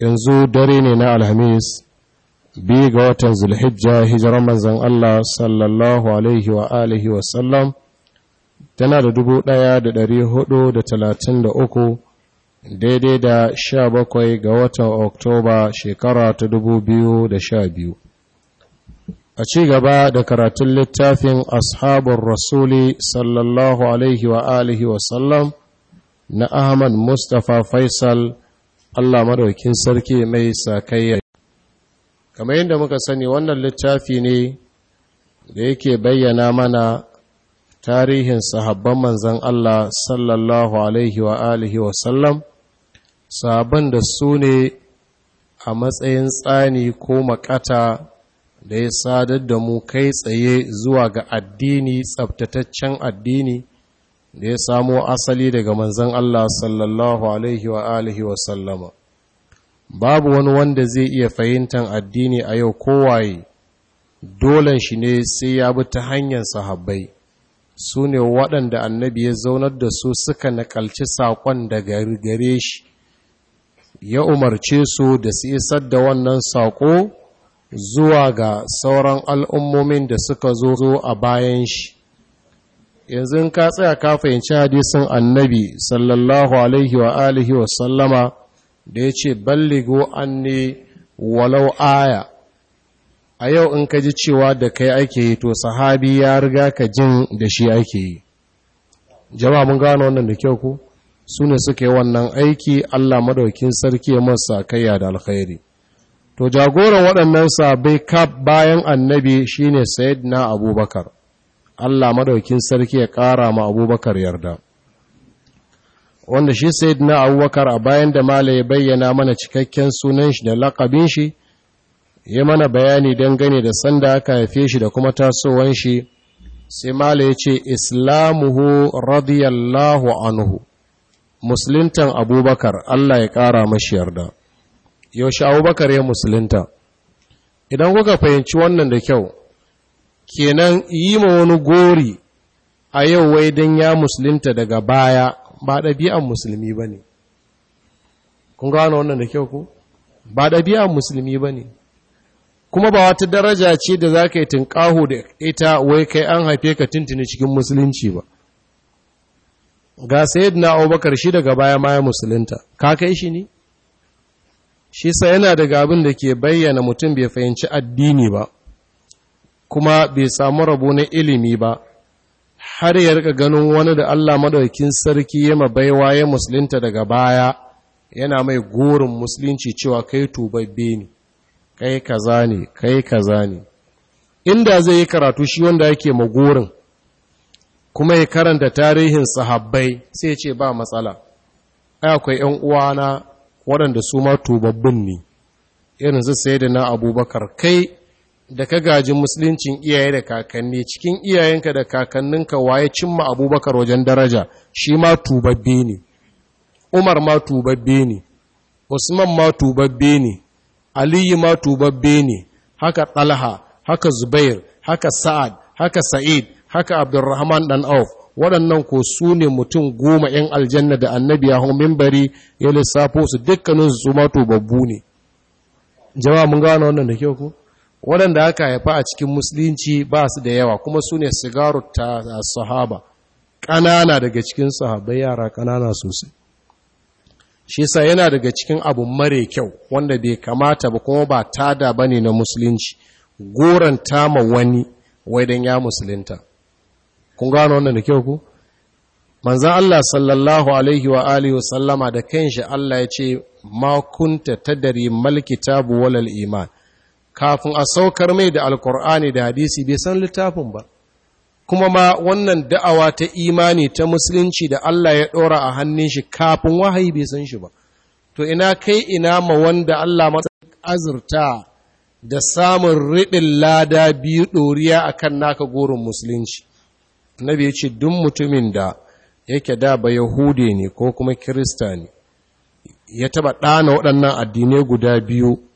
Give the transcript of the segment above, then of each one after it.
yanzu dare ne na alhamis biyu ga watan zulhijja hijirar manzan Allah sallallahu alaihi wa alihi wasallam tana da dubu ɗaya da dari hudu da talatin da uku daidai da sha bakwai ga watan oktoba shekara ta dubu biyu da sha biyu a ci gaba da karatun littafin ashabun rasuli sallallahu alaihi wa alihi wasallam na ahmad mustapha faisal Allah madaukin sarki mai sakayya kamar yadda muka sani wannan littafi ne da yake bayyana mana tarihin sahabban manzan Allah sallallahu alaihi wa alihi wa sallam sahabban da su ne a matsayin tsani ko makata da ya sadar da mu kai tsaye zuwa ga addini tsabtataccen addini da ya samo asali daga manzan Allah sallallahu alaihi wa alihi wa sallama babu wani wanda zai iya fahimtar addini a yau kowaye dolen shi ne sai ya bi ta hanyar sahabbai su ne waɗanda annabi ya zaunar da su suka nakalci saƙon daga gare shi ya umarce su da su isar da wannan saƙo zuwa ga sauran al'ummomin da suka zo a bayan shi yanzu in ka tsaya ka fahimci hadisin annabi sallallahu alaihi wa alihi wa sallama da ya ce balligo ne walau aya a yau in ka ji cewa da kai ake yi to sahabi ya riga ka jin da shi ake yi jama'a mun gano wannan da kyau ku su ne suka yi wannan aiki Allah madaukin sarki ya masa kayya da alkhairi to jagoran waɗannan sabai kaf bayan annabi shine na abubakar Allah madaukin sarki ya ƙara ma abubakar yarda wanda shi na abubakar a bayan da mala ya bayyana mana cikakken sunan shi da lakabin shi ya mana bayani dangane da sanda aka haife shi da kuma tasowan shi sai mala ya ce islamuhu radiyallahu anhu musulintan abubakar Allah ya ƙara mashi yarda yaushe abubakar ya musulinta idan kuka fahimci wannan da kyau kenan yi ma wani gori a yau wai don ya musulunta daga baya ba ɗabi'an musulmi ba ne kun gano wannan da kyau ku ba ɗabi'an musulmi ba ne kuma ba wata daraja ce da za ka yi tunƙaho da ita wai kai an haife ka tuntuni cikin musulunci ba ga sayid na abubakar shi daga baya ma ya musulunta ka kai shi ne shi sa yana daga abin da ke bayyana mutum bai fahimci addini ba kuma bai samu rabo na ilimi ba har ya rika ganin wani da Allah madaukin sarki ya baiwa ya musulunta daga baya yana mai gorin musulunci cewa kai tubabbe ne kai kaza ne kai kaza ne inda zai yi karatu shi wanda yake magorin kuma ya karanta tarihin sahabbai sai ce ba matsala ai akwai 'yan uwana waɗanda su ma tubabbin ne irin da na Abubakar kai da ka gaji musuluncin iyaye da kakanni cikin iyayenka da kakanninka waye cimma abubakar wajen daraja shi ma tubabbe ne umar ma tubabbe ne usman ma tubabbe ne aliyu ma tubabbe ne haka talha haka zubair haka sa'ad haka sa'id haka abdurrahman dan auf waɗannan ko su ne mutum goma 'yan aljanna da annabi ya hau mimbari ya lissafo su dukkanin su ma tubabbu ne jama'a mun gano wannan da kyau ko waɗanda aka haifa a cikin musulunci ba su da yawa kuma su ne sigaru ta sahaba ƙanana daga cikin sahabai yara ƙanana sosai shi sa yana daga cikin abu mare kyau wanda bai kamata ba kuma ba tada ba ne na musulunci goranta ma wani waidan ya musulunta kun gano wannan da kyau ku manzan Allah sallallahu alaihi wa alihi wa sallama da kanshi Allah ya ce makunta ta tadari mal kitabu iman kafin a saukar mai da alkur'ani da hadisi bai san littafin ba kuma ma wannan da'awa ta imani ta musulunci da Allah ya ɗora a hannun shi kafin wahayi bai san shi ba to ina kai ina ma wanda Allah masa azurta da samun riɗin lada biyu ɗoriya a kan naka goron musulunci annabi ya ce duk mutumin da yake da ba yahude ne ko kuma kirista ne ya taɓa ɗana waɗannan addinai guda biyu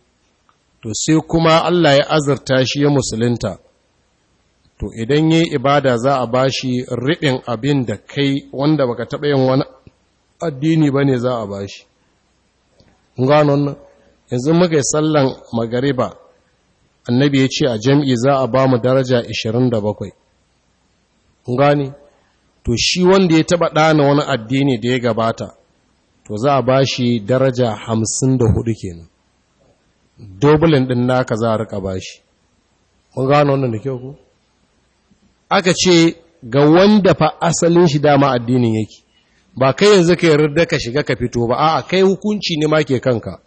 to sai kuma Allah ya azurta shi ya musulunta to idan yi ibada za a ba shi riɓin abin da kai wanda baka taɓa yin wani addini ba ne za a ba bashi ganon yanzu muka yi sallan magariba annabi ya ce a jam'i za a ba mu daraja 27 gani to shi wanda ya taɓa ɗana wani addini da ya gabata to za a ba shi daraja 54 kenan dobulin ɗin naka za a rika bashi mun gano wannan da kyau ko aka ce ga wanda fa asalin shi dama addinin yake ba kai yanzu ka yarda ka shiga ka fito ba a kai hukunci ne ma ke kanka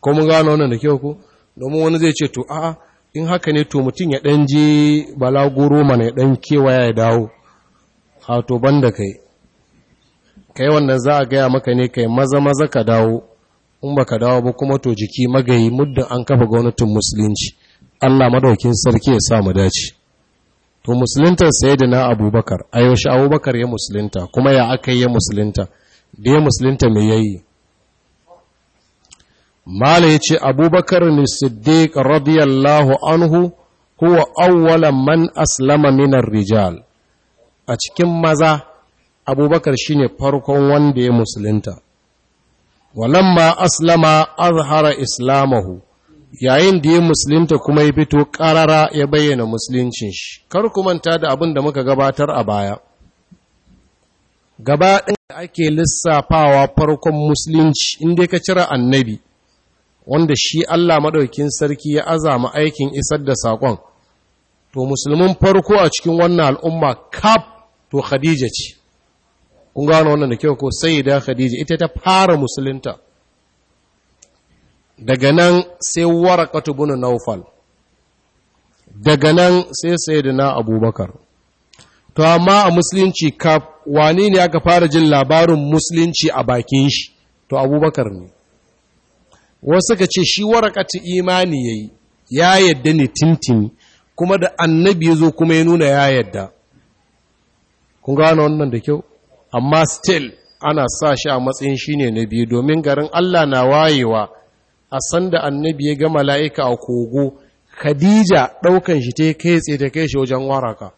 ko mun gano wannan da kyau ko domin wani zai ce to a'a in haka ne to mutum ya dan je balaguro mana ya dan kewaya ya dawo ha to banda kai kai wannan za a gaya maka ne kai maza maza ka dawo in ka dawo ba kuma to jiki magayi muddin an kafa gwamnatin musulunci Allah madaukin sarki ya sa mu dace to musulunta na abubakar a ayoshi abubakar ya musulunta kuma ya aka ya musulunta da ya musulunta me yayi mala yace abubakar ne siddiq radiyallahu anhu huwa awwala man aslama min rijal a cikin maza abubakar shine farkon wanda ya musulunta walamma aslama azhara islamahu yayin da ya musulunta kuma ya fito karara ya bayyana musuluncin shi kar ku manta da abin da muka gabatar a baya gaba ɗin da ake lissafawa farkon musulunci inda ka cira annabi wanda shi Allah maɗaukin sarki ya azama aikin isar da saƙon to musulmin farko a cikin wannan al'umma kaf to khadija ce kun gano wannan da kyau ko sai da khadija ita ta fara musulunta daga nan sai warakatu bin naufal daga nan sai sayyidina abubakar to amma a musulunci ka wani ne aka fara jin labarin musulunci a bakin shi to abubakar ne wasu ka ce shi warakatu imani yayi ya yadda ne tintini kuma da annabi ya zo kuma ya nuna ya yadda kun gano wannan da kyau amma still ana sa shi a matsayin shine na biyu domin garin Allah na wayewa a sanda annabi ya ga mala'ika a kogo Khadija ɗaukan shi ta kai tsaye ta kai shi wajen waraka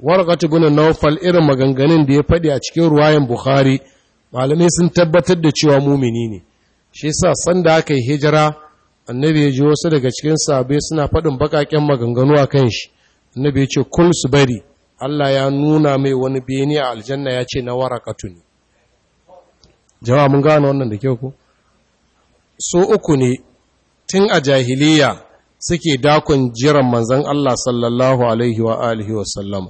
waraka guna naufal irin maganganun da ya faɗi a cikin ruwayan Bukhari malamai sun tabbatar da cewa mumini ne shi yasa sanda aka yi hijira annabi ya ji wasu daga cikin sabai suna faɗin baƙaƙen maganganu a kan shi annabi ya ce kul su bari Allah ya nuna mai wani beni a aljanna ya ce na warakatu ne jama'a mun gano wannan da kyau ku. so uku ne tun a jahiliya suke dakon jiran manzan Allah sallallahu alaihi wa alihi wa sallam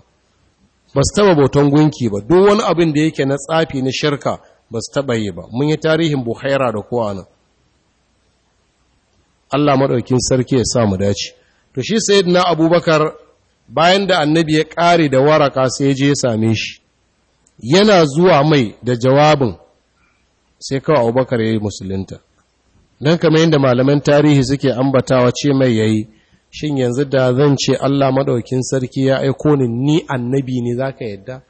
ba su taba boton gunki ba duk wani abin da yake na tsafi na shirka ba su taba yi ba mun yi tarihin buhaira da kowa nan Allah maɗaukin sarki ya sa mu dace to shi na abubakar bayan da annabi ya ƙare da waraka sai ya je ya same shi yana zuwa mai da jawabin sai kawai abubakar ya yi musulunta don kama yadda malaman tarihi suke ambatawa ce mai yayi shin yanzu da zan ce allah maɗaukin sarki ya aiko ni ni annabi ne za ka yadda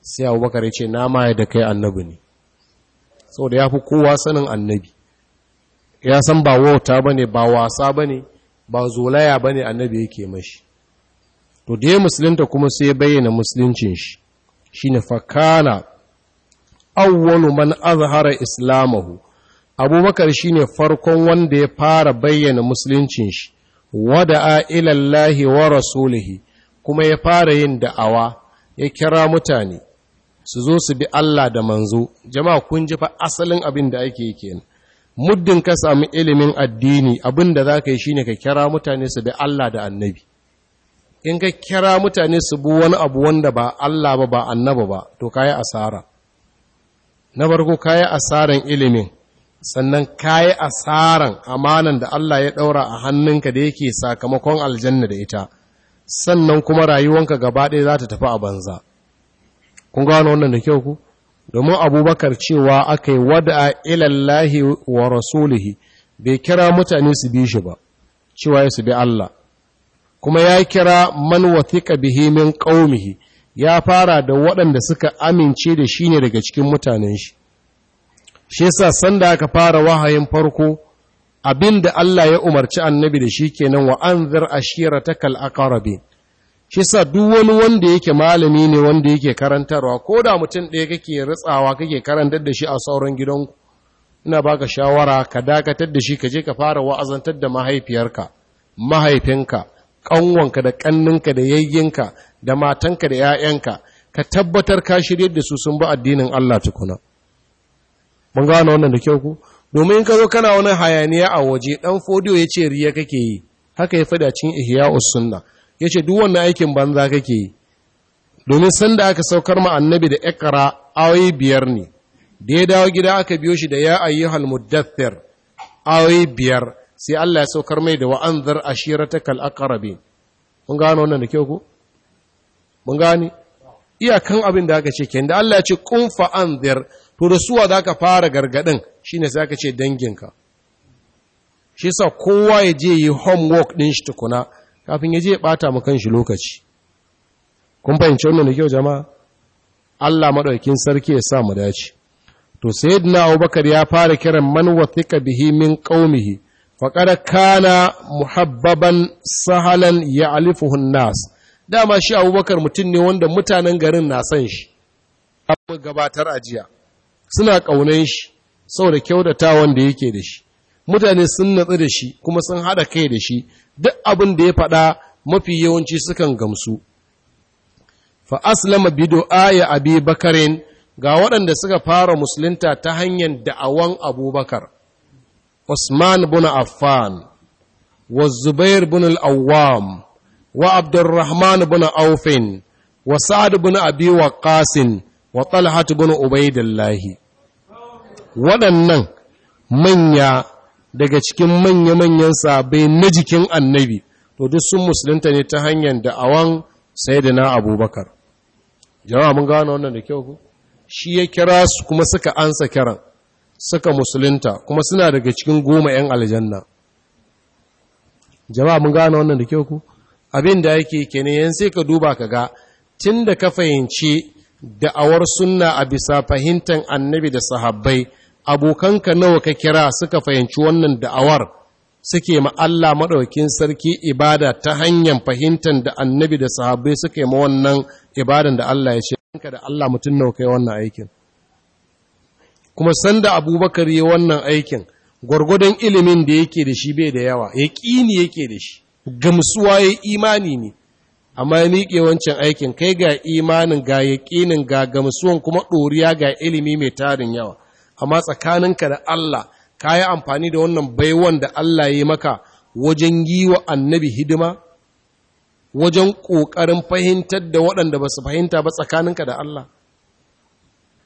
sai abubakar ya ce na ma da kai annabi ne sau da ya fi kowa sanin annabi ya san ba wauta ba ne ba wasa ba ne ba zolaya ba ne annabi yake mashi to da ya musulunta kuma sai ya bayyana musuluncin shi shine fakana awwalu man azhara islamahu abubakar shine farkon wanda ya fara bayyana musuluncin shi wada'a ilallahi wa rasulihi kuma ya fara yin da'awa ya kira mutane su zo su bi Allah da manzo jama'a kun ji fa asalin abin da ake yi kenan muddin ka samu ilimin addini abin da za ka yi shine ka kira mutane su bi Allah da annabi in ka kira mutane su bu wani abu wanda ba Allah ba ba annaba ba to kayi asara na farko kayi asaran ilimin sannan kayi asaran amanan da Allah ya ɗaura a hannunka da yake sakamakon aljanna da ita sannan kuma rayuwanka gaba ɗaya za ta tafi a banza kun gano wannan da kyau ku domin abubakar cewa aka yi wada'a ilallahi wa rasulihi bai kira mutane su bi shi ba cewa ya su bi Allah kuma ya kira man wathiqa bihi min qaumihi ya fara da waɗanda suka amince da shi ne daga cikin mutanen shi shi yasa sanda aka fara wahayin farko abinda Allah ya umarci annabi da shi kenan wa anzir ashiratakal aqrabin shi yasa duk wani wanda yake malami ne wanda yake karantarwa ko da mutum ɗaya kake ritsawa kake karantar da shi a sauran gidanku ina baka shawara ka dakatar da shi ka je ka fara wa'azantar da mahaifiyarka mahaifinka ƙanwanka da ƙanninka da yayyinka da matanka da 'ya'yanka ka tabbatar ka shirye da su sun ba addinin Allah tukuna mun gano wannan da kyau ku domin ka zo kana wani hayaniya a waje ɗan fodiyo ya ce riya kake yi haka ya fada cin ihiya usunna. ya ce duk wannan aikin banza kake yi domin sanda aka saukar ma annabi da ikra awai biyar ne da ya dawo gida aka biyo shi da ya ayyuhal muddathir awai biyar sai Allah ya saukar mai da wa'anzar ashiratakal aqrabin mun gano wannan da kyau ku? mun gane iyakan abin da aka ce kenan da Allah ya ce qum fa to da suwa za ka fara gargadin shine sai aka ce danginka shi sa kowa ya je yi homework din shi tukuna kafin ya je ɓata bata mu shi lokaci kun fahimci wannan da kyau jama'a Allah maɗaukin sarki ya sa mu dace to sayyidina Abubakar ya fara kiran man wathiqa bihi min faƙar kana muhabbaban sahalan ya alifuhun nas dama shi abubakar mutum ne wanda mutanen garin na san shi abu gabatar ajiya suna ƙaunan shi saboda kyautata wanda yake da shi mutane sun natsu da shi kuma sun haɗa kai da shi duk abin da ya faɗa mafi yawanci sukan gamsu fa aslama bi du'aya abi bakarin ga waɗanda suka fara musulunta ta hanyar da'awan abubakar Usman bin Affan wa Zubair bin وعبد awwam wa أوف bin بن wa وقاس bin بن Waqqas wa ودنن bin يا waɗannan manya daga cikin manya-manyan sabai na jikin annabi to duk sun musulunta ne ta hanyar da'awan sayyidina abubakar jama'a mun gano wannan da kyau ku shi ya kira su kuma suka ansa kiran suka musulunta kuma suna daga cikin goma 'yan aljanna jama'a mun gane wannan da kyau ku abin da yake kene yan sai ka duba ka ga tun da ka fahimci da'awar sunna a bisa fahimtar annabi da sahabbai abokanka nawa ka kira suka fahimci wannan da'awar suke ma Allah maɗaukin sarki ibada ta hanyar fahimtar da annabi da sahabbai suke ma wannan ibadan da Allah ya ce da Allah mutum nawa kai wannan aikin kuma sanda abubakar ya wannan aikin gwargwadon ilimin da yake da shi bai da yawa ya ƙini yake da shi gamsuwa ya imani ne amma ya miƙe wancan aikin kai ga imanin ga ya ƙinin ga gamsuwan kuma ɗoriya ga ilimi mai tarin yawa amma tsakaninka da Allah ka yi amfani da wannan baiwan da Allah ya yi maka wajen yi wa annabi hidima wajen ƙoƙarin fahimtar da waɗanda ba su fahimta ba tsakaninka da Allah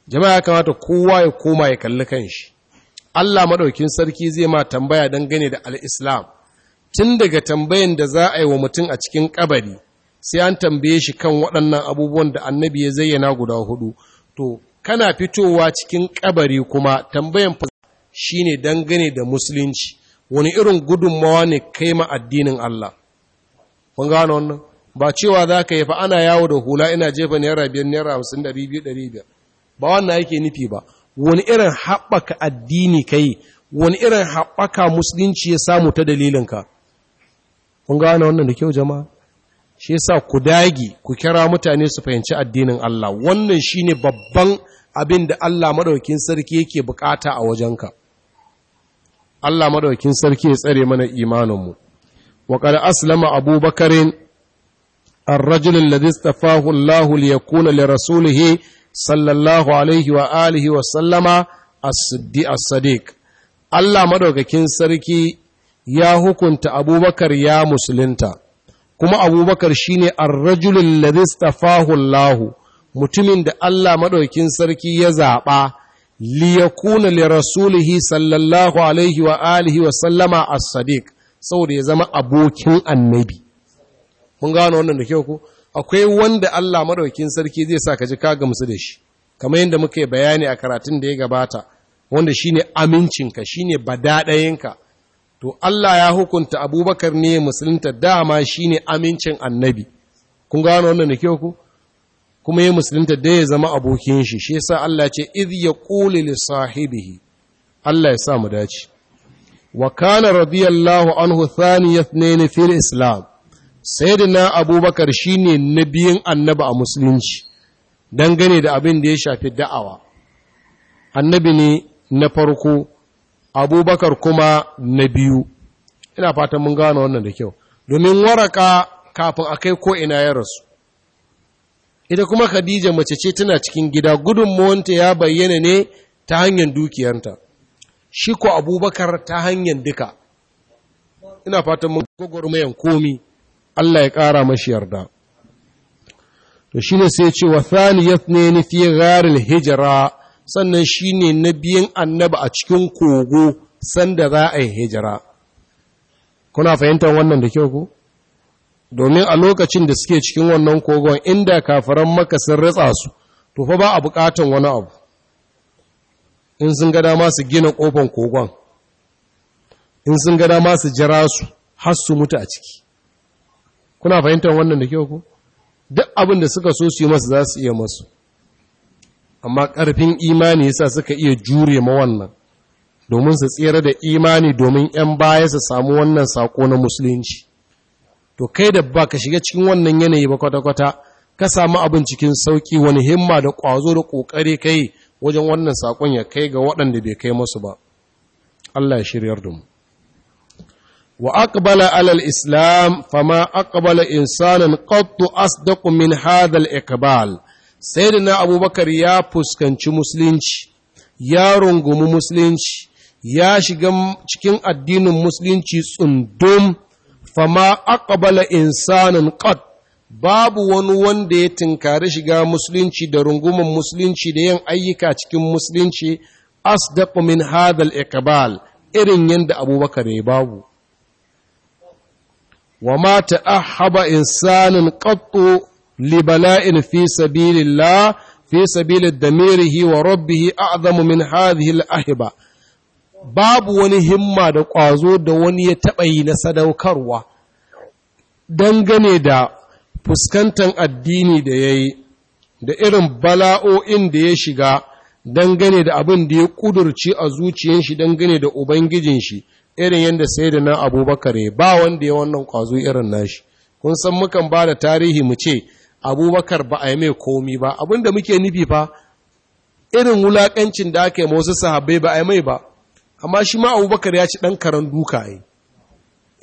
jama'a ya kamata kowa ya koma ya kalli kan shi Allah maɗaukin sarki zai ma tambaya dangane da Alislam. tun daga tambayan da za a yi wa mutum a cikin ƙabari sai an tambaye shi kan waɗannan abubuwan da annabi ya zayyana guda hudu to kana fitowa cikin ƙabari kuma tambayan shine dangane da musulunci wani irin gudunmawa ne kai ma addinin Allah kun gano wannan ba cewa za ka yi fa ana yawo da hula ina jefa naira biyar naira hamsin da biyu biyar ba wannan yake nufi ba wani irin haɓaka addini ka yi wani irin haɓaka musulunci ya samu ta dalilinka kun gane wannan da kyau jama'a shi yasa ku dagi ku kira mutane su fahimci addinin Allah wannan shine babban abin da Allah madaukakin sarki yake bukata a wajenka Allah madaukakin sarki ya tsare mana imaninmu wa qad aslama abubakarin الرجل الذي استفاه الله ليكون lirasulihi sallallahu alaihi wa alihi wa sallama as-siddiq Allah madaukakin sarki ya hukunta abubakar ya musulunta kuma abubakar shine ar-rajulul ladhi istafahu Allah mutumin da Allah madaukakin sarki ya zaba liyakuna li rasulihi sallallahu alaihi wa alihi wa sallama as-sadiq saboda ya zama abokin annabi mun gano wannan da kyau ko akwai wanda Allah maɗaukin sarki zai sa ka ji ka gamsu da shi kamar yadda muka yi bayani a karatun da ya gabata wanda shine amincinka shine badaɗayinka to Allah ya hukunta abubakar ne musulunta dama shine amincin annabi kun gano wannan da ku kuma ya musulunta da ya zama abokin shi shi yasa Allah ce Iz yaqulu li sahibihi Allah ya sa mu dace wa kana radiyallahu anhu thaniya fil islam sayyidina abubakar shine nabiyin annabi a musulunci dangane da abin da ya shafi da'awa annabi ne na farko abubakar kuma na biyu ina fatan mun gano wannan da kyau domin waraka kafin akai ko ina ya rasu ita kuma khadija mace ce tana cikin gida mawanta ya bayyana ne ta hanyar dukiyarta shi ko abubakar ta hanyar duka ina fatan mun gwagwarmayan komi Allah ya ƙara mashi yarda to shi ne sai ce wa ya ne ni fi gharil hijira, sannan ne na biyan annaba a cikin kogo sanda za a yi hijira kuna fahimtar wannan da kyau ku? domin a lokacin da suke cikin wannan kogon inda kafaran maka sun ritsa su to fa ba a bukatan wani abu in sun ga dama su gina kofan kogon in sun ga dama su jira su har su mutu a ciki kuna fahimtar wannan da kyau ku duk abin da suka so su yi masa za su iya masu amma ƙarfin imani yasa suka iya jure ma wannan domin su tsere da imani domin 'yan baya su samu wannan sako na musulunci to kai da ba ka shiga cikin wannan yanayi ba kwata-kwata ka samu abin cikin sauki wani himma da ƙwazo da ƙoƙari kai wajen wannan sakon ya kai ga waɗanda bai kai masu ba Allah ya shiryar da mu wa aqbala alal islam fama aqbala insanan qattu asdaqu min hadha al-iqbal sayyidina abubakar ya fuskanci musulunci ya rungumi musulunci ya shiga cikin addinin musulunci tsundum fama aqbala insanan qat babu wani wanda ya tinkari shiga musulunci da rungumin musulunci da yin ayyuka cikin musulunci asdaqu min hadha al-iqbal irin yanda abubakar ya babu wa mata ta'ahaba insanin qattu li bala'in fi sabilillah fi sabilid damirihi wa rabbih a'zamu min hadhihi al-ahiba babu wani himma da ƙwazo da wani ya taɓa yi na sadaukarwa dangane da fuskantar addini da ya yi da irin bala'o'in da ya shiga dangane da abin da ya ƙudurci a zuciyar shi dangane da Ubangijin shi irin yadda sai da na abubakar ya ba wanda ya wannan kwazo irin nashi kun san mukan ba da tarihi mu ce abubakar ba a yi mai komi ba abinda muke nufi fa irin wulaƙancin da aka yi wasu sahabai ba a yi mai ba amma shi ma abubakar ya ci ɗan karan duka yi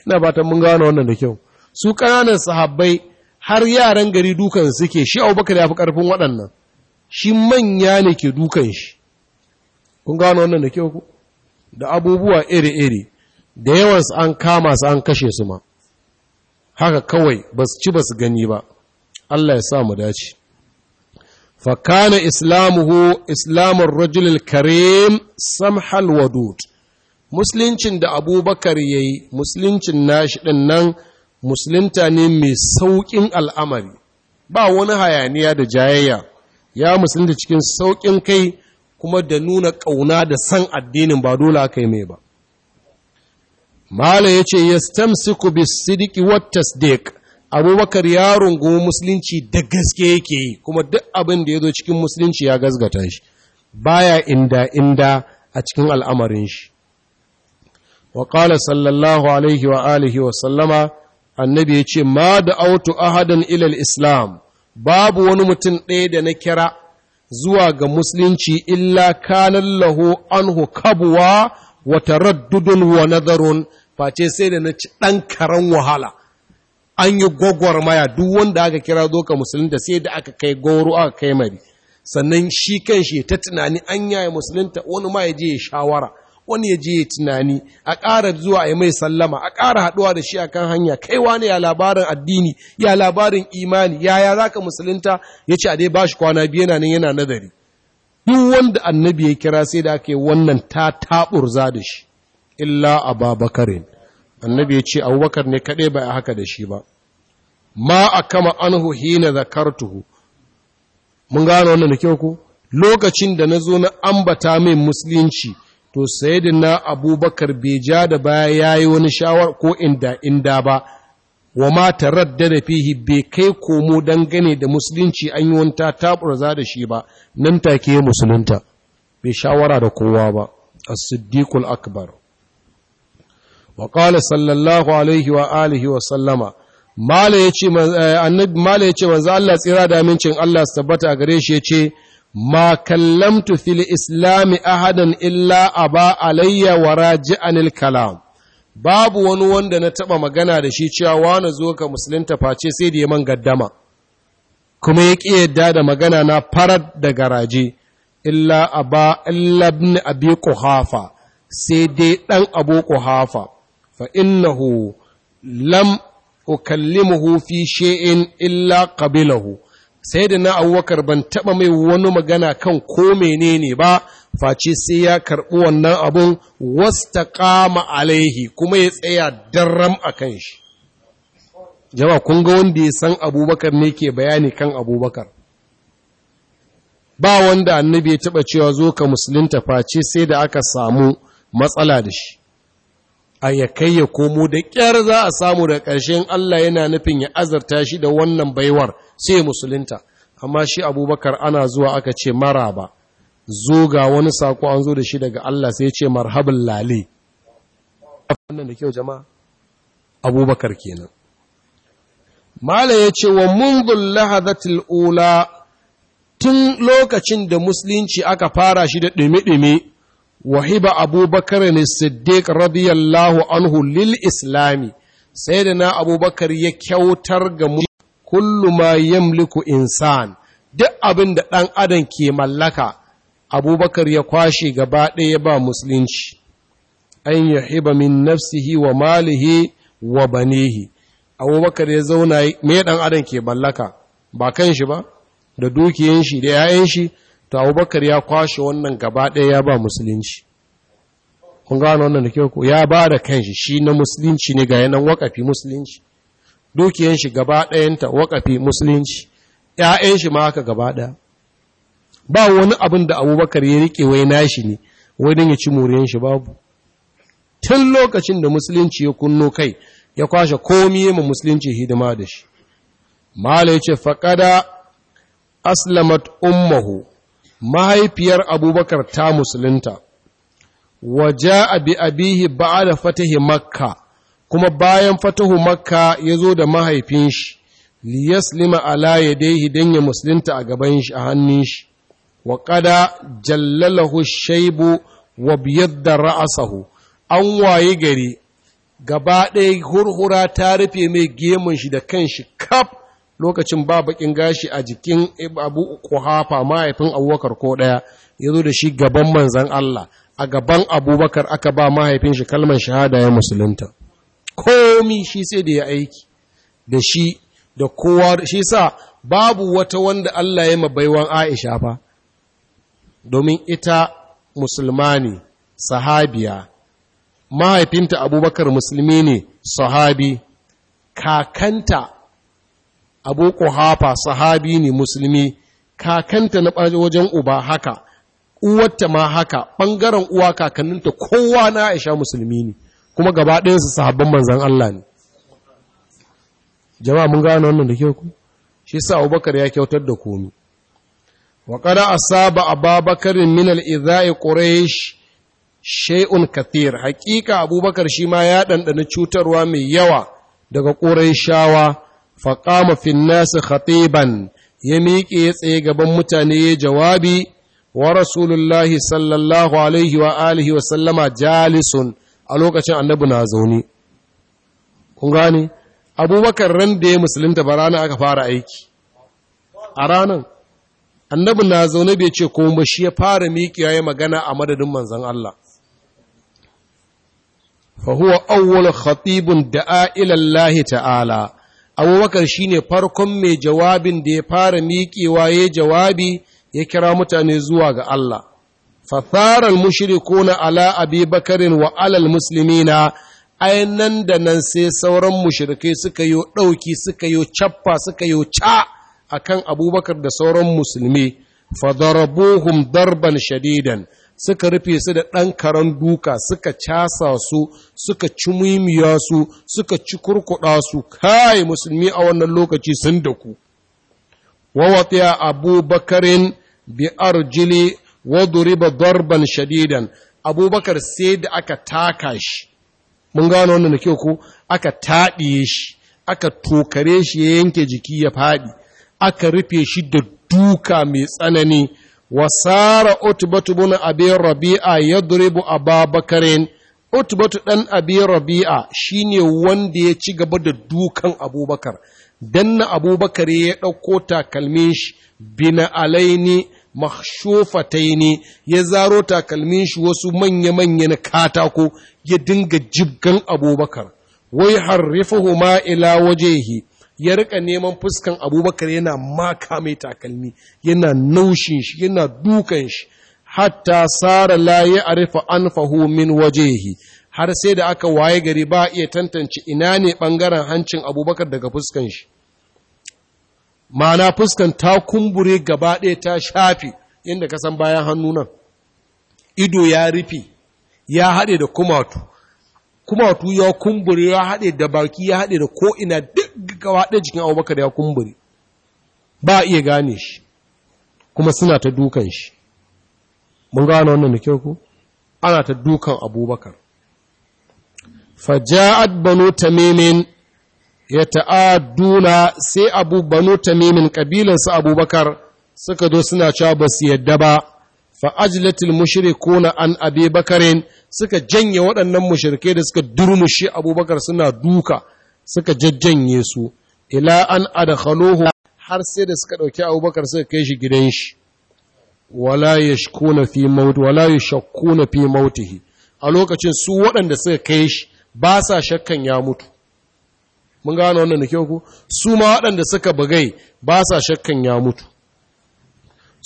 ina ba mun gano wannan da kyau su ƙananan sahabai har yaran gari dukan suke shi abubakar ya fi ƙarfin waɗannan shi manya ne ke dukan shi kun gano wannan da kyau ku da abubuwa iri-iri da yawansu an kama su an kashe su ma haka kawai ba su ci ba su gani ba Allah ya sa mu dace fakana islamuhu islamur rajulil karim samhal wadud musuluncin da abubakar ya yi musuluncin nashi ɗin nan musulunta ne mai sauƙin al'amari ba wani hayaniya da jayayya ya musulunta cikin sauƙin kai kuma da nuna ƙauna da san addinin ba dole aka yi mai ba mala ya ce yastamsiku bis sidiki wat tasdiq abubakar ya rungu musulunci da gaske yake yi kuma duk abin da ya zo cikin musulunci ya gazgata shi baya inda inda a cikin al'amarin shi wa ƙala sallallahu alaihi wa alihi wa sallama annabi ya ce ma da autu ahadan ilal islam babu wani mutum ɗaya da na kira zuwa ga musulunci illa kanan lahu anhu kabuwa wa taraddudun wa nazarun face sai da na ci ɗan karen wahala an yi gwagwarmaya duk wanda aka kira zo ka musulunta sai da aka kai goro aka kai mari sannan shi kan shi ta tunani an yaya musulunta wani ma ya je ya shawara wani ya je ya tunani a ƙara zuwa a yi mai sallama a ƙara haɗuwa da shi a kan hanya kai wani ya labarin addini ya labarin imani yaya za ka musulunta ya ce a dai ba shi kwana biyu yana nan yana nazari duk wanda annabi ya kira sai da aka yi wannan ta taɓurza da shi illa ababakarin annabi ya ce abubakar ne kaɗai ba a haka da shi ba ma a kama anhu hina zakartuhu mun gano wannan da kyau ku lokacin da na zo na ambata min musulunci to sai da na abubakar bai ja da baya ya yi wani shawar ko inda inda ba wa ma ta radda da fihi bai kai komo dangane da musulunci an yi wanta za da shi ba nan take musulunta bai shawara da kowa ba as-siddiqul akbar wa qala sallallahu alaihi wa alihi wa sallama mala yace eh, annabi mala Allah tsira da amincin Allah su tabbata a gare shi ya ce, ma kallamtu fil islami ahadan illa aba alayya wa anil kalam babu wani wanda na taɓa magana da shi cewa wani zo ka musulunta face sai da man gaddama kuma ya ƙi yadda da magana na farar da garaje illa a illa abi sai dai ɗan abu ƙuhafa fa innahu lam ukallimuhu fi shay'in illa kabilahu. sai da na abubakar ban taɓa mai wani magana kan ko menene ba face sai ya karɓi wannan abun wasta kama alaihi kuma ya tsaya darram a kan shi jama kun ga wanda ya san abubakar ne ke bayani kan abubakar ba wanda annabi ya taɓa cewa zo ka musulunta face sai da aka samu matsala da shi a ya kai ya komo da ƙyar za a samu da ƙarshen Allah yana nufin ya azarta shi da wannan baiwar sai musulunta amma shi abubakar ana zuwa aka ce mara ba zo ga wani sako an zo da shi daga Allah sai ce marhaban lale wannan da kyau jama'a abubakar kenan mala ya ce wa munzul lahadatil ula tun lokacin da musulunci aka fara shi da ɗumi-ɗumi wahiba abubakar ne siddiq radiyallahu anhu lil islami sai da na abubakar ya kyautar ga kullu ma insan duk abin da ɗan adam ke mallaka abubakar ya kwashe gaba ɗaya ba musulunci an hiba min nafsihi wa malihi wa banihi abubakar ya zauna me ɗan adam ke mallaka ba kan shi ba da dukiyan shi da yayan shi to abubakar ya kwashe wannan gaba ɗaya ya ba musulunci kun gano wannan da ke ku ya ba da kanshi shi na musulunci ne ga yanan wakafi musulunci dukiyan shi gaba wakafi musulunci ‘ya’yan shi ma haka gaba ba wani abin da abubakar ya riƙe wai nashi ne wai don ya ci moriyan shi babu tun lokacin da musulunci ya kunno kai ya kwashe komi ma musulunci hidima da shi mala ya ce faƙada aslamat ummahu mahaifiyar abubakar ta musulunta waja abi abihi da fatahi makka kuma bayan fatahu makka ya zo da mahaifin shi liyaslima ala daihi dan ya musulunta a gaban shi a hannun shi wa Jallala jallalahu shaibu wa biyar da ra'asahu an waye gari gaba ɗaya hurhura ta rufe mai gemun shi da kanshi kaf lokacin ba bakin gashi a jikin abu kuhafa mahaifin abubakar ko ɗaya ya zo da shi gaban manzan Allah a gaban abubakar aka ba mahaifin shi kalmar shahada ya musulunta komi shi sai da ya aiki da shi da kowa shi sa babu wata wanda Allah ya mabaiwan Aisha ba. domin ita musulmani sahabiya mahaifinta abubakar musulmi ne sahabi kakanta abu hafa sahabi ne musulmi kakanta na wajen uba haka uwarta ma haka ɓangaren uwa kakanninta kowa na aisha musulmi ne kuma gaba ɗayansu sahabban manzan Allah ne jama'a mun gano wannan da kyau ku shi sa abubakar ya kyautar da komi wa qada asaba ababakarin min al-idha'i quraish shay'un kathir haqiqa abubakar shi ma ya dandana cutarwa mai yawa daga qurayshawa faƙama finnasi khatiban ya miƙe ya tsaye gaban mutane ya jawabi wa rasulullahi sallallahu alaihi wa alihi wa sallama jalisun a lokacin annabi na zaune kun gane abubakar ran da ya musulunta ba rana aka fara aiki a ranar annabi na zaune bai ce kuma shi ya fara miƙewa ya magana a madadin manzan Allah fa huwa awwal khatibun da'a ila Allah ta'ala abubakar ne farkon mai jawabin da ya fara miƙewa ya jawabi ya kira mutane zuwa ga Allah fathara na ala abi bakarin wa alal muslimina ai nan da nan sai sauran mushrikai suka yi ɗauki suka yi cappa suka yi ca akan abubakar da sauran musulmi fadarabuhum darban shadidan suka rufe su da ɗan karen duka suka casa su suka ci muhimmiya su suka ci kurkuɗa su kai musulmi a wannan lokaci sun da ku wawatiya abubakarin bi arjili riba darban shadidan abubakar sai da aka taka shi mun gano wannan na kyau ko aka taɗiye shi aka tokare shi ya yanke jiki ya faɗi aka rufe shi da duka mai tsanani wasara utubatu bin abi rabi'a yadribu ababakarin utubatu dan abi rabi'a shine wanda ya ci gaba da dukan abubakar danna abubakar ya ɗauko takalmin shi bina alaini mahshufataini ya zaro takalmin shi wasu manya-manya na katako ya dinga jibgan abubakar wai harrifahu ma ila wajehi ya rika neman fuskan abubakar yana maka mai takalmi yana naushin shi yana dukan shi hatta sara layi ya arifa anfahu min wajehi har sai da aka waye gari ba iya tantance ina ne ɓangaren hancin abubakar daga fuskan shi ma'ana fuskan ta kumbure gaba ɗaya ta shafi inda kasan bayan hannu ido ya rufe ya haɗe da kumatu kuma wato ya kumbure ya haɗe da baki ya haɗe da ko'ina duk gawa ɗaya jikin abubakar ya kumbure ba a iya gane shi kuma suna ta dukan shi mun gane wannan da kyau ku ana ta dukan abubakar faja'ad banu tamimin ya ta'aduna sai abu banu tamimin ƙabilansu abubakar suka zo suna cewa ba su yadda ba fa'ajilatul mushrikuna an abi bakarin suka janye waɗannan mushrikai da suka durmushi abubakar suna duka suka jajjanye su ila an adkhaluhu har sai da suka ɗauki abubakar suka kai shi gidan shi wala yashkuna fi maut wala yashkuna fi mautihi a lokacin su waɗanda suka kai shi ba sa shakkan ya mutu mun gano wannan da kyau ku su ma waɗanda suka bugai ba sa shakkan ya mutu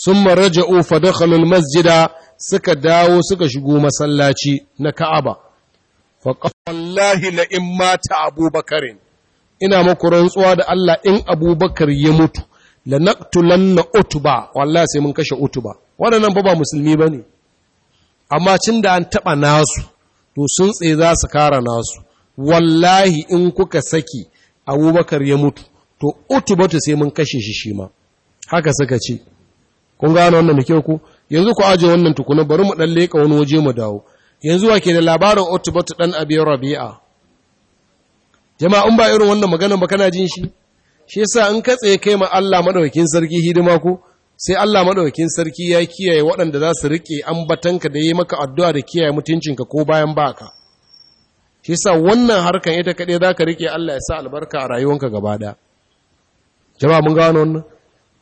sun maraja ufa da masjida suka dawo suka shigo masallaci na Ka'aba fa qallahi in mata abubakarin ina maku rantsuwa da Allah in abubakar ya mutu la naqtulanna utba wallahi sai mun kashe utba waɗannan ba ba musulmi bane amma cin da an taɓa nasu to sun tsaye za su kara nasu wallahi in kuka saki abubakar ya mutu to ta sai mun kashe shi shi ma haka suka ce kun gano wannan da kyau ku yanzu ku aje wannan tukuna bari mu dan leka wani waje mu dawo yanzu wake da labarin Utbatu dan Abi Rabi'a jama'a in ba irin wannan magana ba kana jin shi shi yasa in ka tsaye kai ma Allah madaukakin sarki hidima ko sai Allah madaukakin sarki ya kiyaye waɗanda za su rike ambatanka da yi maka addu'a da kiyaye mutuncinka ko bayan baka shi yasa wannan harkan ita kaɗai za ka rike Allah ya sa albarka a rayuwanka gaba ɗaya jama'a mun gano wannan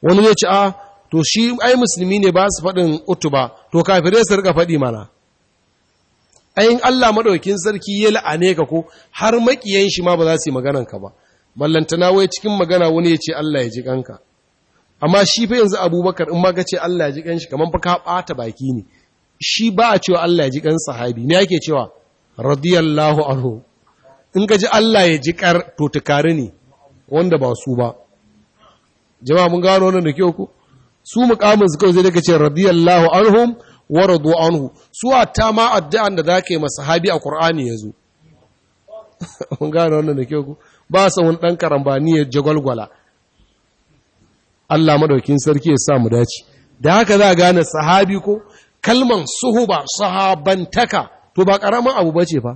wani ya ce a ah, to shi ai musulmi ne ba su faɗin utu ba, to kafirai su rika faɗi mana ayin Allah maɗaukin sarki ya la'ane ka ko har maƙiyan shi ma ba za su yi maganan ka ba ballantana wai cikin magana wani ya ce Allah ya ji kanka amma shi fa yanzu abubakar in ma ka ce Allah ya ji kanshi kamar fa ka ɓata baki ne shi ba a cewa Allah ya ji kan sahabi me ake cewa radiyallahu anhu in ka ji Allah ya ji kar to tukari ne wanda ba su ba jama'a mun gano wannan da kyau ko su mukamin su kawai zai daga ce radiyallahu anhum wa radu anhu su ta ma addu'an da zaka yi masa habi a qur'ani yazo mun gane wannan da ke ku ba sa wani dan karambani ya jagwalgwala Allah madaukin sarki ya sa mu dace da haka za gane sahabi ko kalman suhuba sahabantaka to ba ƙaramin abu bace fa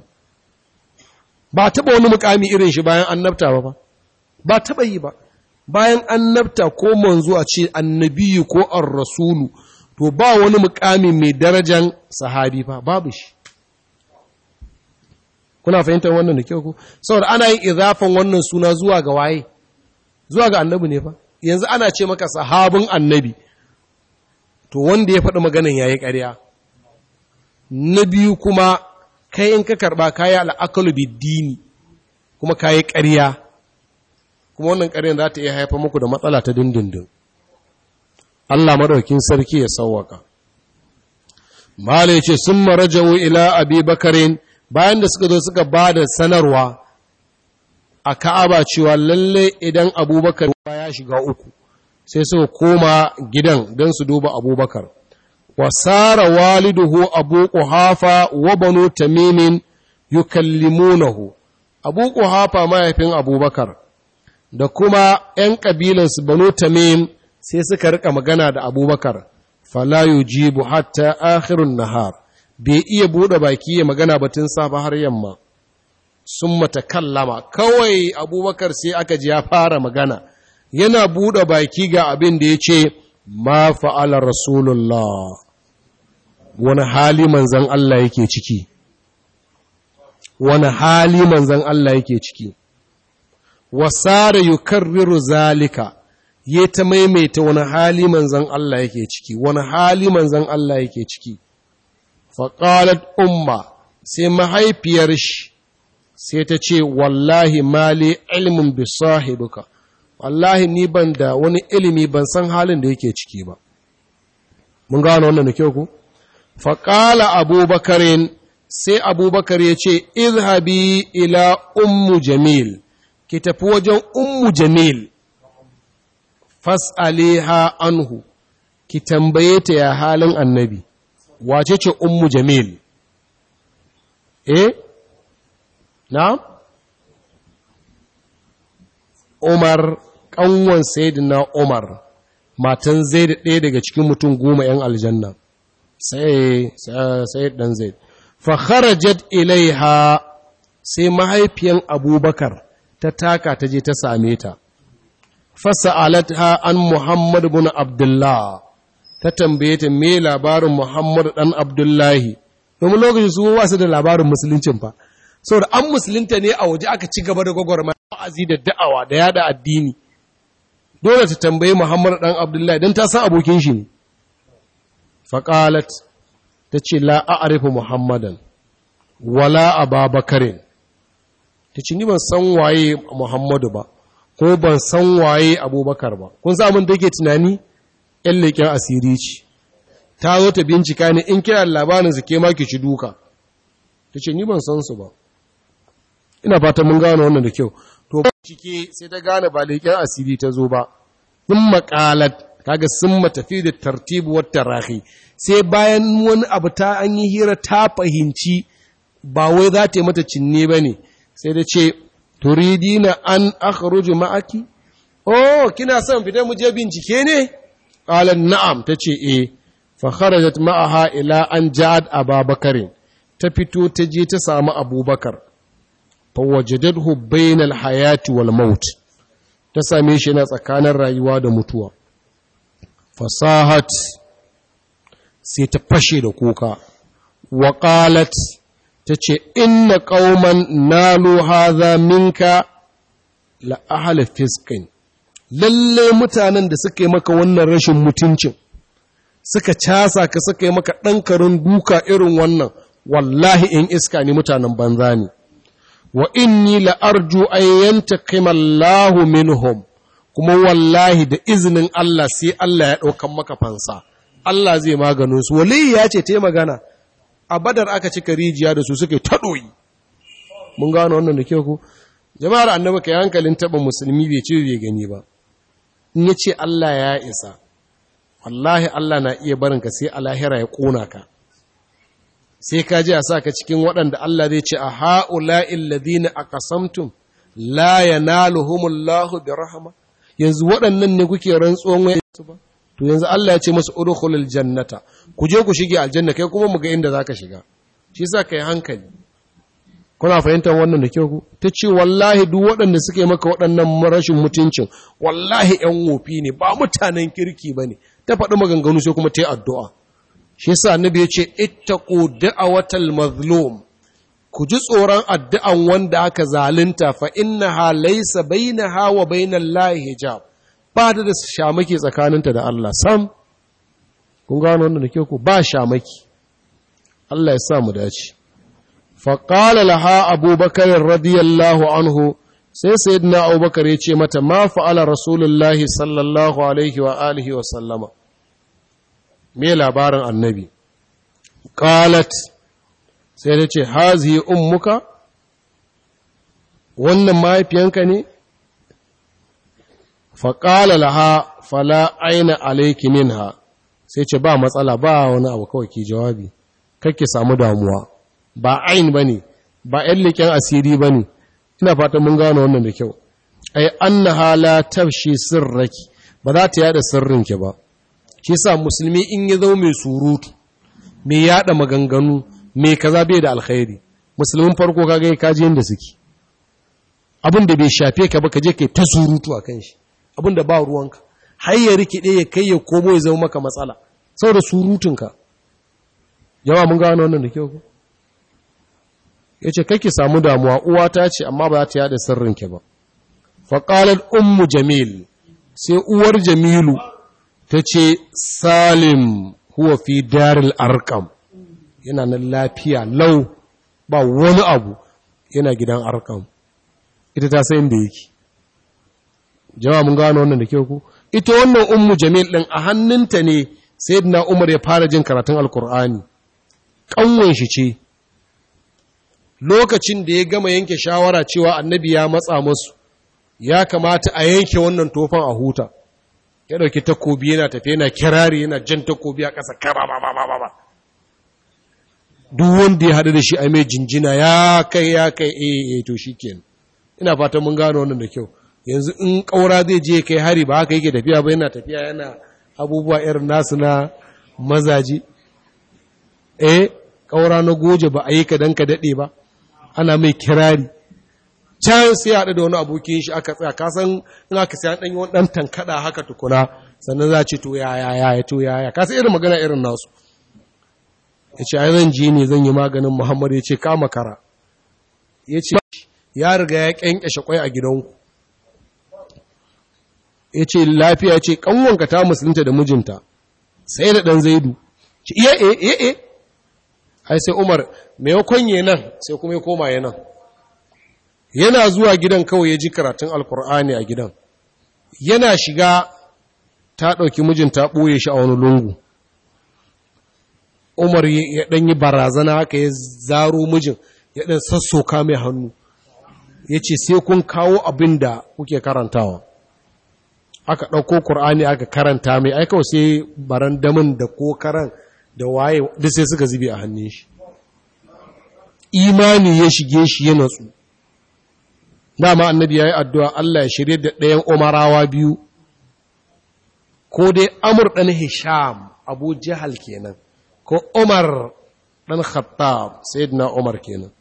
ba taba wani mukami irin shi bayan annabta ba ba taba yi ba bayan annabta ko manzo a ce annabiyu ko an rasulu to ba wani mukami mai darajan sahabi ba babu shi kuna fahimtar wannan da kyau ko saboda ana yin idafan wannan suna zuwa ga waye zuwa ga annabi ne fa yanzu ana ce maka sahabin annabi to wanda ya faɗi maganan yayi ƙarya na biyu kuma kai in ka karɓa kayi al'akalu dini kuma kayi ƙarya kuma wannan ƙaryar za ta iya haifa muku da matsala ta dindindin Allah madaukin sarki ya sauwaka mala ya ce sun marajawo ila abi bakarin bayan da suka zo suka ba da sanarwa a ka'aba cewa lalle idan abubakar ya shiga uku sai suka koma gidan don su duba abubakar wasara waliduhu abu ƙuhafa wa banu tamimin yukallimunahu abu ƙuhafa mahaifin abubakar da kuma ‘yan ƙabilansu banu tamim sai suka rika magana da abubakar fala yujibu hatta akhirun nahar bai iya buɗe baki ya magana batun safe har yamma sun mata kallama kawai abubakar sai aka ji ya fara magana yana buɗe baki ga abin da ya ce ma fa'ala rasulullah wani hali manzan Allah yake ciki wani hali manzan Allah yake ciki wasara yukarriru zalika ya ta maimaita wani hali manzan Allah yake ciki wani hali manzan Allah yake ciki faƙalat umma sai mahaifiyar shi sai ta ce wallahi mali ilmin bi sahibuka wallahi ni ban da wani ilimi ban san halin da yake ciki ba mun gano wannan da kyau ku faƙala abubakarin sai abubakar ya ce izhabi ila ummu jamil ki tafi wajen ummu jamil fas'aliha anhu ki tambaye ta ya halin annabi wace ce ummu jamil eh na umar kanwan na umar matan da ɗaya daga cikin mutum goma yan aljanna sai sai dan fa kharajat ilaiha sai mahaifiyan abubakar ta taka ta je ta same ta ha an Muhammad bin Abdullah ta tambaye ta me labarin Muhammad dan Abdullahi domin lokacin su wasu da labarin musuluncin fa saboda an musulunta ne a waje aka ci gaba da gwagwarmaya wa'azi da da'awa da yada addini dole ta tambaye Muhammad dan Abdullahi dan ta san abokin shi ne faqalat tace la a'rifu Muhammadan wala Ababakarin ta ci ni ban san waye muhammadu ba ko ban san waye abubakar ba kun sa da tunani yan leƙen asiri ce ta zo ta bincika ne in kira labarin su ke ma ki ci duka ta ce ni ban san su ba ina fata mun gane wannan da kyau to ba cike sai ta gane ba leƙen asiri ta zo ba sun maƙalat kaga sun matafi da tartibu wata rahi sai bayan wani abu ta an yi hira ta fahimci ba wai za ta yi mata cinne ba ne sai da ce turidina an aka akhruju ma'aki oh kina son fita muje bincike ne qalan na'am tace eh fa kharajat ma'aha ila an ja'ad ababakarin ta fito ta je ta sami abubakar fa wajadadhu bainal hayati wal maut ta same shi na tsakanin rayuwa da mutuwa fasahat sai ta fashe da kuka wa ta ce inna ƙauman nalu haza minka la’ahala fiskin lalle mutanen da suka yi maka wannan rashin mutuncin suka casa ka suka yi maka ɗankarin duka irin wannan wallahi in iska ne mutanen banza ne wa inni laarju ayyanta an min minhum kuma wallahi da izinin Allah sai Allah ya ɗaukan maka fansa Allah zai maganin su wali ya ce ta yi magana a badar aka cika rijiya da su suke taɗoyi mun gano wannan da kyau ku jama'ar annabi kai hankalin taɓa musulmi bai ce bai gani ba in ya ce Allah ya isa wallahi Allah na iya barin ka sai a lahira ya ƙona ka sai ka ji a sa ka cikin waɗanda Allah zai ce a na a aqasamtum la ya yanaluhumullahu bi rahama yanzu waɗannan ne kuke rantsuwan wani su ba to yanzu Allah ya ce masa udkhulul jannata ku je ku shige aljanna kai kuma mu ga inda ka shiga shi yasa kai hankali kuna fahimtar wannan da kyau ku ta ce wallahi duk waɗanda suke maka waɗannan rashin mutuncin wallahi ƴan wofi ne ba mutanen kirki bane ta faɗi maganganu sai kuma ta yi addu'a shi yasa annabi ya ce ittaqu da'awatal mazlum ku ji tsoron addu'an wanda aka zalunta fa innaha laysa bainaha wa bainal lahi hijab ba ta da shamaki tsakaninta da Allah sam kun gano wanda ke ku ba shamaki Allah ya sa mu dace faqala laha abubakar radiyallahu anhu sai sayyidina abubakar ya ce mata ma fa'ala rasulullahi sallallahu alaihi wa alihi wa sallama me labarin annabi qalat sai ta ce hazi, ummuka wannan mahaifiyanka ne faƙala laha fala aina alaiki minha sai ce ba matsala ba wani abu kawai ki jawabi kake samu damuwa ba ain ba ne ba ‘yan leƙen asiri ba ne ina fatan mun gano wannan da kyau ai anna hala tafshi sirraki ba za ta yada sirrinki ba shi sa musulmi in ya zama mai surutu mai yada maganganu mai kaza bai da alkhairi musulmin farko kaga ya kaji yadda suke abin da bai shafe ka ba ka je kai ta surutu a kan shi abin da ba ruwanka har ya rikide ya kai ya komo ya zama maka matsala saboda surutunka jama'a mun gano wannan da kyau ya ce kake samu damuwa uwa ta ce amma ba ta yada sirrinki ba faƙalar ummu jamil sai uwar jamilu ta ce salim huwa fi daril arkam yana nan lafiya lau ba wani abu yana gidan arkam ita ta sayin da yake Jama mun gano wannan da kyau ku ita wannan ummu jamil ɗin a hannunta ne sayyidina umar ya fara jin karatun alkur'ani kanwan shi ce lokacin da ya gama yanke shawara cewa annabi ya matsa masu ya kamata a yanke wannan tofan a huta ya dauki takobi yana tafe yana kirari yana jan takobi a ƙasa kaba ba ba ba ba duk wanda ya haɗu da shi a mai jinjina ya kai ya kai eh, eh to shikenan ina fatan mun gano wannan da kyau yanzu in ƙaura zai je kai hari ba haka yake tafiya ba yana tafiya yana abubuwa irin nasu na mazaji eh ƙaura na goje ba a yi ka dan ka daɗe ba ana mai kirari can sai haɗu da wani abokin shi aka tsaya kasan in aka sai ɗan yi ɗan tankaɗa haka tukuna sannan za ce to yaya yaya to yaya kasan irin magana irin nasu ya ce ai zan je ne zan yi maganin muhammad ya ce kama kara ya ce ya riga ya ƙyanƙyashe kwai a gidanku ya ce lafiya ce ƙanwanka ta musulunta da mijinta sai da ɗan zaidu ce iya e e e ai sai umar mai ya nan sai kuma ya koma ya nan yana zuwa gidan kawai ya ji karatun alkur'ani a gidan yana shiga ta ɗauki mijinta ɓoye shi a wani lungu umar ya ɗan yi barazana haka ya zaro mijin ya ɗan sassoka mai hannu ya ce sai kun kawo abin da kuke karantawa aka ɗauko ƙur'ani aka karanta mai aika sai baran damin da ko karan da waye duk sai suka zube a hannun shi imani ya shige shi ya natsu dama annabi ya yi addu'a Allah ya shirye da ɗayan umarawa biyu ko dai amur ɗan hisham abu jihal kenan ko umar ɗan khattab sayyidina umar kenan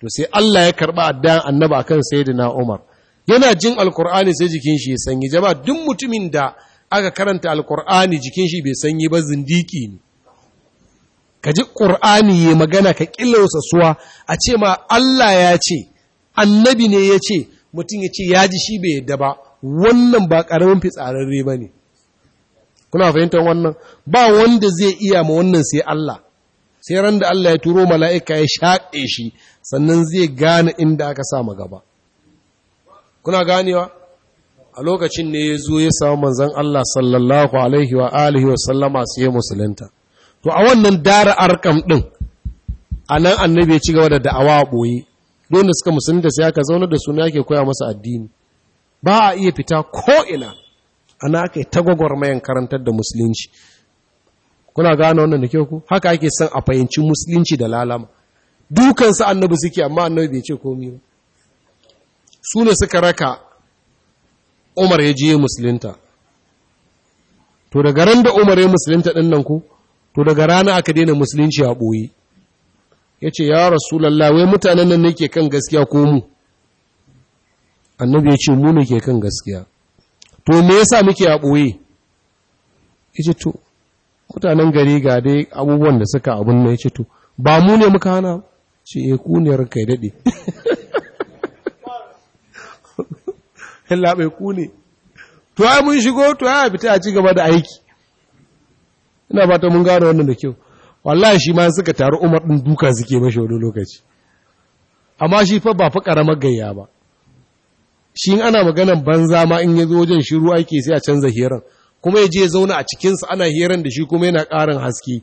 to sai Allah ya karɓa addan annabi akan sayyidina umar yana jin alkur'ani sai jikin shi ya sanyi jama'a duk mutumin da aka karanta alkur'ani jikin shi bai sanyi ba zindiki ne ka ji ƙur'ani ya magana ka ƙillausa suwa a ce ma Allah ya ce annabi ne ya ce mutum ya ce ya ji shi bai yadda ba wannan ba ƙaramin fitsararre ba ne kuna fahimtar wannan ba wanda zai iya ma wannan sai Allah sai ran da Allah ya turo mala'ika ya shaƙe shi sannan zai gane inda aka sa gaba kuna ganewa a lokacin ne ya zo ya samu manzan Allah sallallahu alaihi wa alihi wa sallama su yi musulunta to a wannan dara arkam ɗin, a nan annabi ya ci gaba da da'awa a ɓoye don da suka musulunta sai aka zauna da suna ake koya masa addini ba a iya fita ko'ina na aka yi mayan karantar da musulunci kuna gane wannan da kyau ku haka ake son a fahimci musulunci da lalama dukansu annabi suke amma annabi bai ce komi ba su ne suka raka umar ya je Musulinta. to daga ran da umar ya musulinta ɗin nan ku to daga rana aka daina musulunci a ɓoye ya ce ya rasulallah wai mutanen nan ne ke kan gaskiya ko mu annabi ya ce mu ne ke kan gaskiya to me yasa muke a ɓoye ya ce to mutanen gari ga dai abubuwan da suka abin na ya ce to ba mu ne muka hana ce eh, ku ne ranka daɗe Allah bai ku ne to ai mun shigo to ai fita a ci gaba da aiki ina ba mun gano wannan da kyau wallahi shi ma suka taru Umar din duka suke mashi wani lokaci amma shi fa ba fa karamar gayya ba shi ana maganan banza ma in ya zo wajen shiru aiki sai a canza hiran kuma ya je zauna a cikinsa ana hiran da shi kuma yana ƙarin haske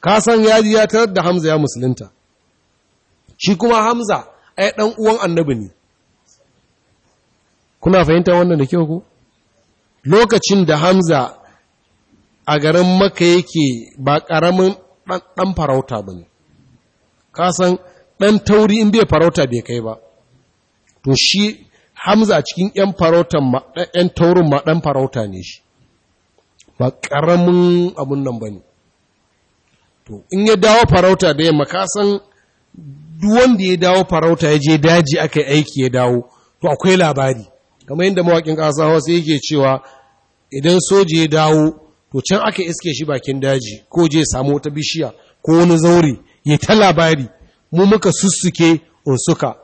ka san ya ji ya tarar da hamza ya musulunta shi kuma hamza ai ɗan uwan annabi ne kuna fahimta wannan da kyau ku lokacin da hamza a garin maka yake ba ƙaramin ɗan farauta ba ne kasan ɗan tauri in bai farauta bai kai ba to shi hamza cikin 'yan farautan ‘yan taurin ma ɗan farauta ne shi ba ƙaramin abun nan ba ne to in ya dawo farauta da yamma kasan duk wanda ya dawo farauta ya je daji aka yi aiki ya dawo to akwai labari kamar yadda mawaƙin ƙasa wasu yake cewa idan soja ya dawo to can aka iske shi bakin daji ko je samu wata bishiya ko wani zauri ya ta labari mu muka sussuke unsuka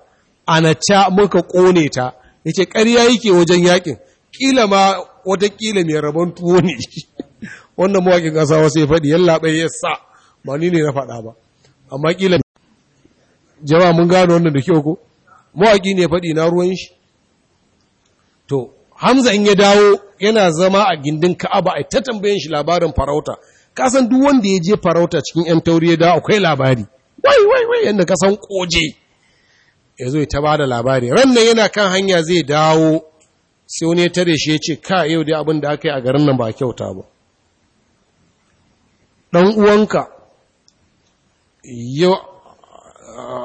ca muka ƙone ta yace ƙarya yake wajen yaƙin ƙila ma wata ƙila mai rabon tuwo ne wannan mawakin ƙasa wasu ya faɗi yalla bai ya sa ba ni ne na faɗa ba amma ƙila. jama'a mun gano wannan da kyau ko mawaki ne faɗi na ruwan shi to hamza in ya dawo yana zama a gindin ka'aba a ta tambayin shi labarin farauta kasan duk wanda ya je farauta cikin yan tauri ya dawo akwai labari wai wai wai yanda ka koje ya zo ta ba da labari rannan yana kan hanya zai dawo sai wani ya tare shi ya ce ka yau dai abin da aka yi a garin nan ba kyauta ba Ɗan uwanka yau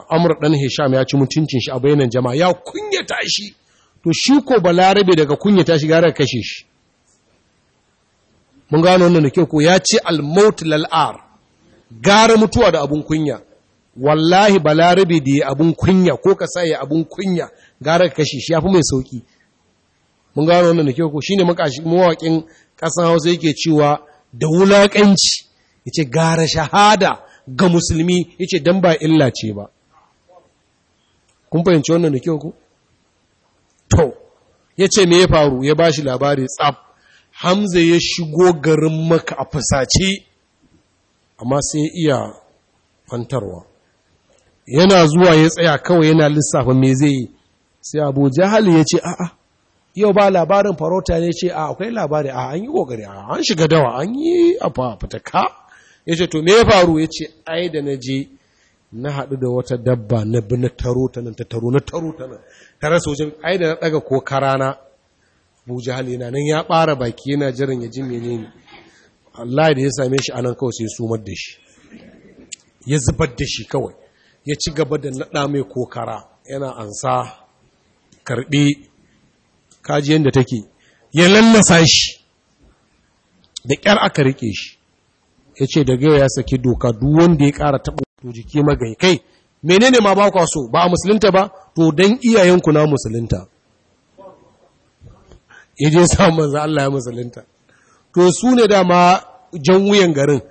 amur ɗan hisham ya ci mutuncin shi a bayanan jama'a ya kunyata shi to shi ko balarabe daga kunya ta shiga daga kashe shi mun gano wannan da kyau ko ya ce al-maut lal'ar gara mutuwa da abun kunya wallahi balarabe da ya abun kunya ko ka sa ya abun kunya gara ka kashe shi ya fi mai sauki mun gano wannan da kyau ko shine makashi mawakin Hausa yake cewa da wulakanci yace gara shahada ga musulmi yace don ba illa ce ba kun fahimci wannan da kyau ko ya ce me ya faru ya ba shi labari tsab hamza ya shigo garin maka a fasace amma sai ya iya kwantarwa yana zuwa ya tsaya kawai yana lissafa me zai yi sai abu jahali ya ce a'a yau ba labarin farauta ne ce a akwai labari a an yi kokari a an shiga dawa an yi a ka ya ce to me ya faru ya ce ai da na je na haɗu da wata dabba na bi na taro ta nan ta taro na taro ta nan ta rasa wajen ai da na ɗaga ko karana bu jihali na nan ya ɓara baki yana jiran ya ji menene Allah da ya same shi anan kawai sai sumar da shi ya zubar da shi kawai ya ci gaba da naɗa mai ko kara yana ansa karɓi kaji da take ya lallasa shi da ƙyar aka riƙe shi ya ce daga ya saki doka duk wanda ya ƙara taɓa to jiki magai kai menene ma ba kwa so ba a musulunta ba to don iyayenku na musulunta ya samun za Allah ya musulunta to su ne dama jan wuyan garin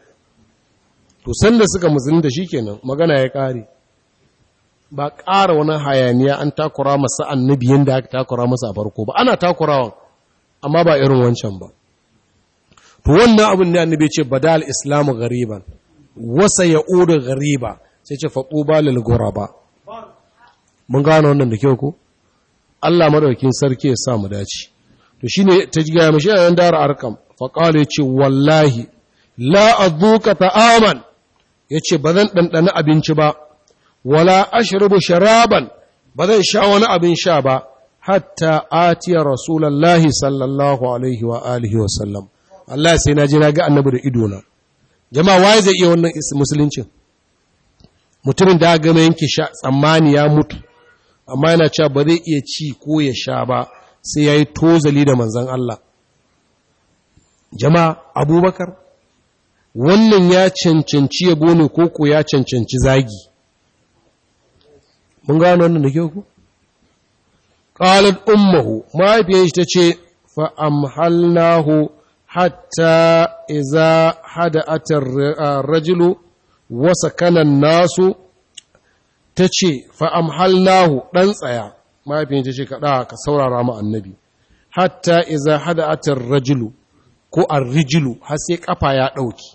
to sanda suka musulunta shikenan magana ya kare ba ƙara wani hayaniya an takura masa annabi yadda aka takura masa a farko ba ana takurawa, amma ba irin wancan ba to wannan abin ne annabi ce badal islamu gariban wasa ya uri gariba sai ce ba lalgora ba mun gano wannan da kyau ku allah maɗaukin sarki ya sa mu dace to shi ne ta gaya mashi a yan dara arkam faƙala ya ce wallahi la azuka ta'aman ya ce ba zan ɗanɗana abinci ba wala ashrubu sharaban ba zan sha wani abin sha ba hatta atiya rasulallahi sallallahu alaihi wa alihi wa sallam Allah sai na je na ga annabi da idona jama'a waye zai iya wannan musuluncin mutumin da gama yanke tsammani ya mutu amma yana cewa ba zai iya ci ko ya sha ba sai ya yi tozali da manzan Allah jama'a abubakar wannan ya cancanci yabo ko ko ya cancanci zagi mun gano wannan da kyau ku qalat ummuhu mahaifiyar shi ce fa amhalnahu hatta iza hada atar rajulu wasa kanan nasu ta ce fa'amhallahu ɗan tsaya mahaifin ta ce kaɗa ka saurara ma annabi hatta iza hada atar rajulu ko arrijilu har sai ƙafa ya ɗauki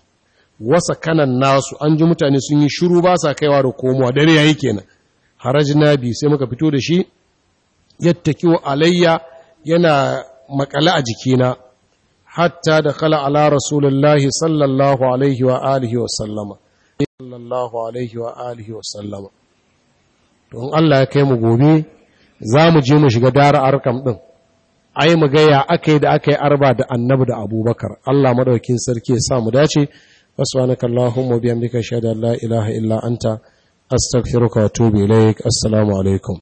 wasa kanan nasu an ji mutane sun yi shiru ba sa kaiwa da komowa dare yayi kenan na biyu sai muka fito da shi yattakiwa alayya yana makale a jikina hatta da kala ala rasulullahi sallallahu alaihi wa alihi wa sallama sallallahu alaihi wa alihi wa don Allah ya kai mu gobe za mu je mu shiga dara arkam ɗin ai mu gaya akai da yi arba da annabi da abubakar Allah madaukin sarki ya sa mu dace wasubhanaka allahumma bihamdika shada la ilaha illa anta astaghfiruka wa atubu ilaik assalamu alaikum